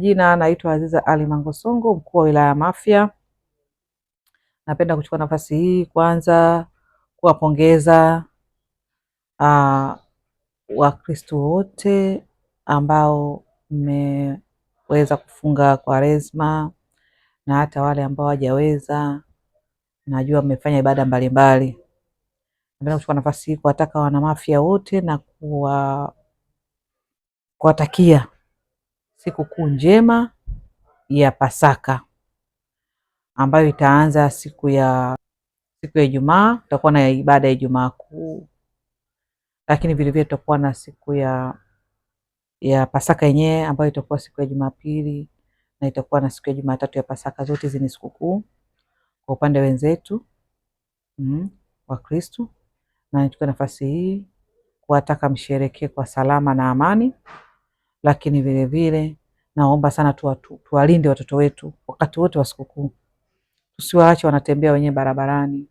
Jina naitwa Aziza Ali Mangosongo, mkuu wa wilaya ya Mafia. Napenda kuchukua nafasi hii kwanza kuwapongeza uh, Wakristo wote ambao mmeweza kufunga Kwaresma na hata wale ambao hawajaweza, najua mmefanya ibada mbalimbali. Napenda kuchukua nafasi hii kuwataka wanamafia wote na kuwa kuwatakia sikukuu njema ya Pasaka ambayo itaanza siku ya siku ya Ijumaa. Tutakuwa na ibada ya Ijumaa Kuu, lakini vilevile tutakuwa na siku ya ya Pasaka yenyewe ambayo itakuwa siku ya Jumapili na itakuwa na siku ya Jumatatu ya Pasaka. Zote hizi ni sikukuu kwa upande wenzetu mm, wa Kristu, na nichukue nafasi hii kuwataka msherekee kwa salama na amani lakini vilevile naomba sana tuwalinde watoto wetu wakati wote wa sikukuu, tusiwaache wanatembea wenyewe barabarani.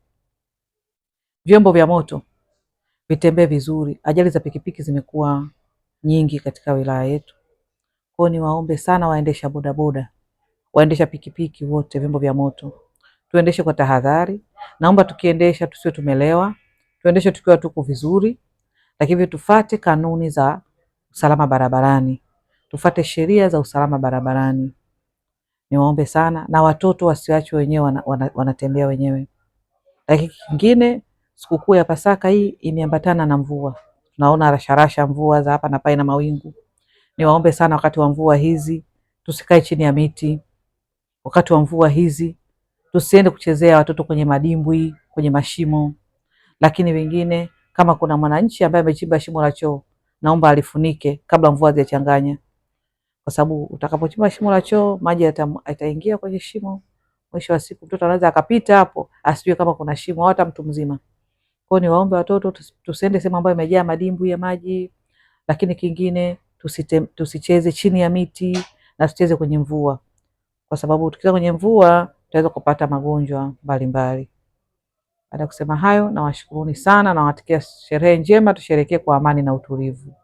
Vyombo vya moto vitembee vizuri. Ajali za pikipiki zimekuwa nyingi katika wilaya yetu, kwa ni waombe sana waendesha bodaboda, waendesha pikipiki wote, vyombo vya moto tuendeshe kwa tahadhari. Naomba tukiendesha tusiwe tumelewa, tuendeshe tukiwa tuko vizuri, lakini tufate kanuni za usalama barabarani. Tufate sheria za usalama barabarani. Niwaombe sana, na watoto wasiachwe wenyewe wana, wana, wanatembea wenyewe. Lakini kingine, sikukuu ya Pasaka hii imeambatana na mvua, tunaona rasharasha mvua za hapa na pale na mawingu. Niwaombe sana, wakati wa mvua hizi tusikae chini ya miti. Wakati wa mvua hizi tusiende kuchezea watoto kwenye madimbwi, kwenye mashimo. Lakini wengine, kama kuna mwananchi ambaye amechimba shimo la choo, naomba alifunike kabla mvua hazijachanganya kwa sababu utakapochimba shimo la choo maji yataingia yata kwenye shimo. Mwisho wa siku mtoto anaweza akapita hapo asijue kama kuna shimo au hata mtu mzima. Kwa ni waombe watoto tusiende sehemu ambayo imejaa madimbu ya maji, lakini kingine tusite, tusicheze chini ya miti na tusicheze kwenye mvua, kwa sababu tukicheza kwenye mvua tutaweza kupata magonjwa mbalimbali. Baada ya kusema hayo, nawashukuruni sana, nawatakia sherehe njema, tusherekee kwa amani na utulivu.